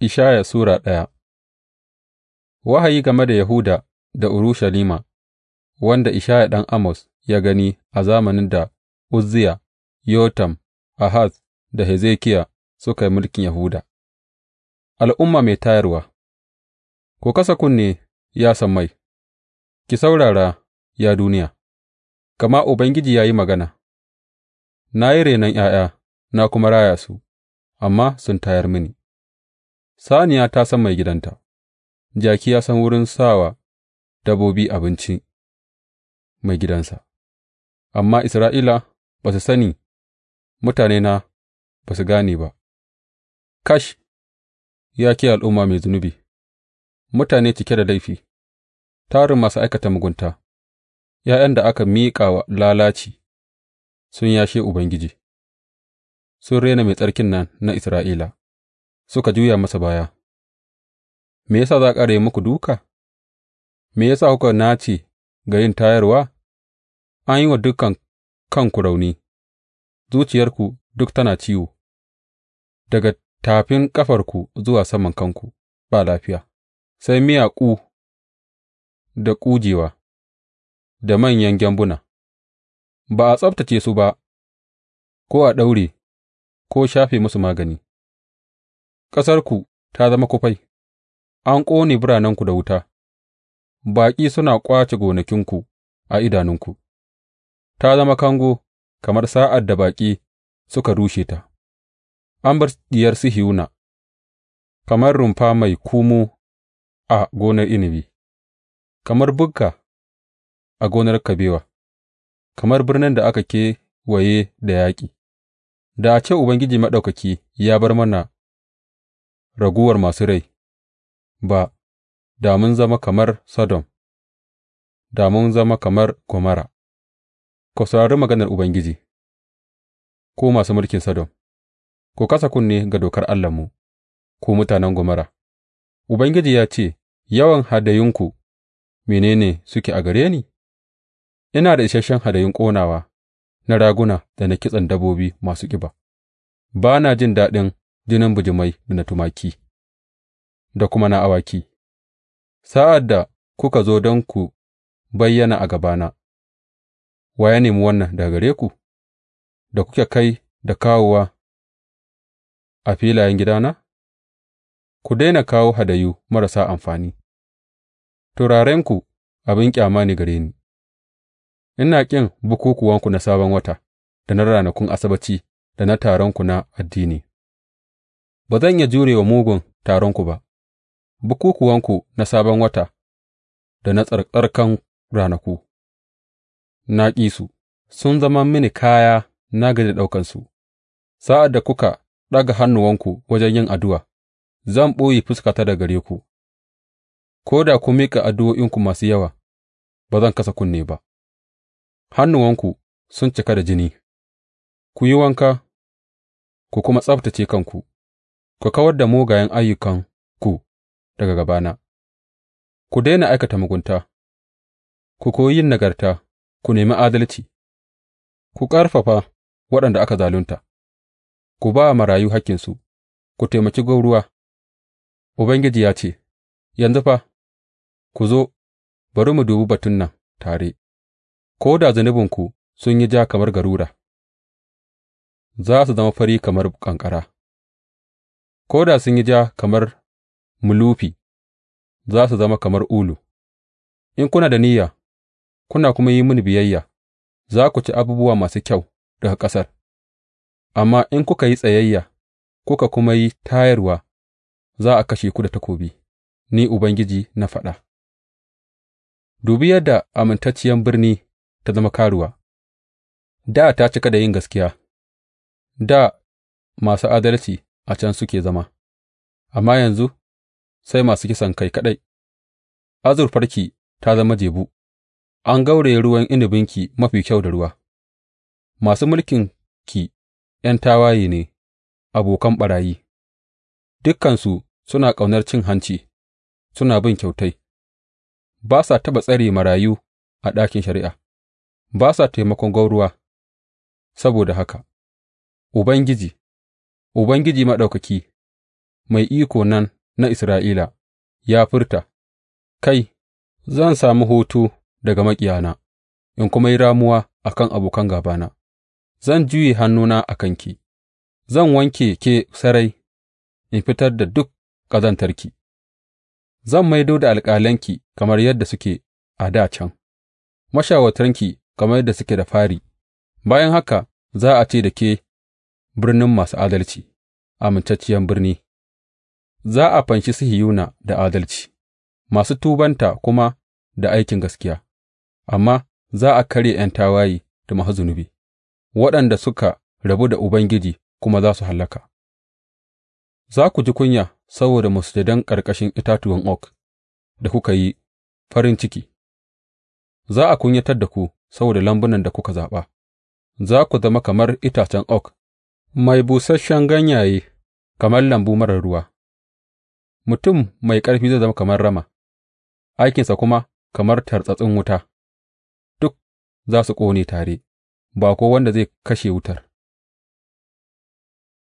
Ishaya Sura ɗaya. Wahayi game da Yahuda da Urushalima wanda Ishaya ɗan Amos ya gani a zamanin da Uzziya, Yotam, Ahaz da Hezekiya suka yi mulkin Yahuda Al'umma mai tayarwa Ku kasa kunne, ya sammai, ki saurara, ya duniya, gama Ubangiji ya yi magana, Na yi renon ’ya'ya na kuma raya su, amma sun tayar mini. Saniya ta san mai gidanta, jaki ya san wurin sa wa dabbobi abinci mai gidansa, amma Isra'ila ba su sani, mutanena ba su gane ba. Kash, ya ke al'umma mai zunubi, mutane cike da laifi, tarin masu aikata mugunta, ’ya'yan da aka miƙa wa lalaci sun yashe Ubangiji, sun rena Mai Tsarkin nan na Isra'ila. suka juya masa baya, Me ya sa za a ƙara yi muku duka? Me ya sa kuka nace ga yin tayarwa? An yi wa dukan kanku rauni, zuciyarku duk tana ciwo, daga tafin ƙafarku zuwa saman kanku ba lafiya, sai miyaku da ƙujewa, da manyan gyambuna, ba a tsabtace su ba, ko a ɗaure, ko shafe musu magani. ƙasarku ta zama kufai, an ƙone biranenku da wuta, baƙi suna ƙwace gonakinku a idanunku, ta zama kango kamar sa'ad da baƙi suka rushe ta, an bar Diyar Sihiyona kamar rumfa mai kumo a gonar inabi, kamar bukka a gonar kabewa, kamar birnin da aka kewaye da yaƙi. Da a ce Ubangiji Maɗaukaki ya bar mana raguwar masu rai ba, da mun zama kamar Sodom, da mun zama kamar Gomara. Ku saurari maganar Ubangiji, ku masu mulkin Sodom, ku kasa kunne ga dokar Allahnmu, ku mutanen Gomara. Ubangiji ya ce, Yawan hadayunku mene ne suke a gare ni? Ina da isasshen hadayun ƙonawa na raguna da na kitsen dabbobi masu ƙiba, ba na jin daɗin jinin bijimai da na tumaki da kuma na awaki, sa'ad da kuka zo don ku bayyana a gabana, wa ya nemi wannan daga gare ku, da kuke kai da kawowa a filayen gidana? Ku daina kawo hadayu marasa amfani, turarenku abin ƙyama ne gare ni, ina ƙin bukukuwanku na Sabon Wata da na ranakun asabaci da na taronku na addini. ba zan iya jure wa mugun taronku ba, bukukuwanku na Sabon Wata da na tsarkakan ranaku, na ƙi su, sun zama mini kaya na gaji ɗaukansu, sa'ad da kuka ɗaga hannuwanku wajen yin addu'a, zan ɓoye fuskata da gare ku, ko da ku miƙa addu'o'inku masu yawa, ba zan kasa kunne ba, hannuwanku sun cika da jini, ku yi wanka ku kuma tsaftace kanku. Ku kawar da mugayen ayyukanku daga gabana; ku daina aikata mugunta, ku koyi yin nagarta, ku nemi adalci, ku ƙarfafa waɗanda aka zalunta, ku ba marayu hakkinsu, ku taimaki gwauruwa Ubangiji ya ce, Yanzu fa, ku zo, bari mu dubi batun nan tare; ko da zunubinku sun yi ja kamar garura, za su zama fari kamar ƙanƙara. ko da sun yi ja kamar mulufi, za su zama kamar ulu, in kuna da niyya, kuna kuma yi mini biyayya, za ku ci abubuwa masu kyau daga ƙasar, amma in kuka yi tsayayya, kuka kuma yi tayarwa, za a kashe ku da takobi, ni Ubangiji na faɗa. Dubi yadda amintacciyar birni ta zama karuwa, da ta cika da yin gaskiya, da masu adalci a can suke zama, amma yanzu sai masu kisan kai kaɗai, azurfarki ta zama jebu, an gauraye ruwan inabinki mafi kyau da ruwa, masu mulkinki ’yan tawaye ne, abokan ɓarayi, dukansu suna ƙaunar cin hanci, suna bin kyautai, ba sa taɓa tsare marayu a ɗakin shari'a, ba sa taimakon gwauruwa, saboda haka, Ubangiji. Ubangiji Maɗaukaki, mai iko nan na Isra'ila, ya furta, Kai, zan sami hutu daga maƙiyana, in kuma yi ramuwa a kan abokan gābana; zan juye hannuna a kanki, zan wanke ke sarai in fitar da duk ƙazantarki, zan maido da alƙalanki kamar yadda suke a da can, mashawartanki kamar yadda suke da fari, bayan haka za a ce da ke. birnin masu adalci, amintacciyar birni, za a fanshi sihiyuna da adalci, masu tubanta kuma da aikin gaskiya, amma za a karya ’yan tawaye da masu zunubi, waɗanda suka rabu da Ubangiji kuma za su hallaka. Za ku ji kunya saboda masujadan ƙarƙashin itatuwan oak da kuka yi farin ciki, za a kunyatar da ku saboda lambunan da kuka zaɓa, za ku zama kamar itacen oak mai busasshen ganyaye kamar lambu marar ruwa, mutum mai ƙarfi zai zama kamar rama, aikinsa kuma kamar tartsatsin wuta, duk za su ƙone tare, ba ko wanda zai kashe wutar.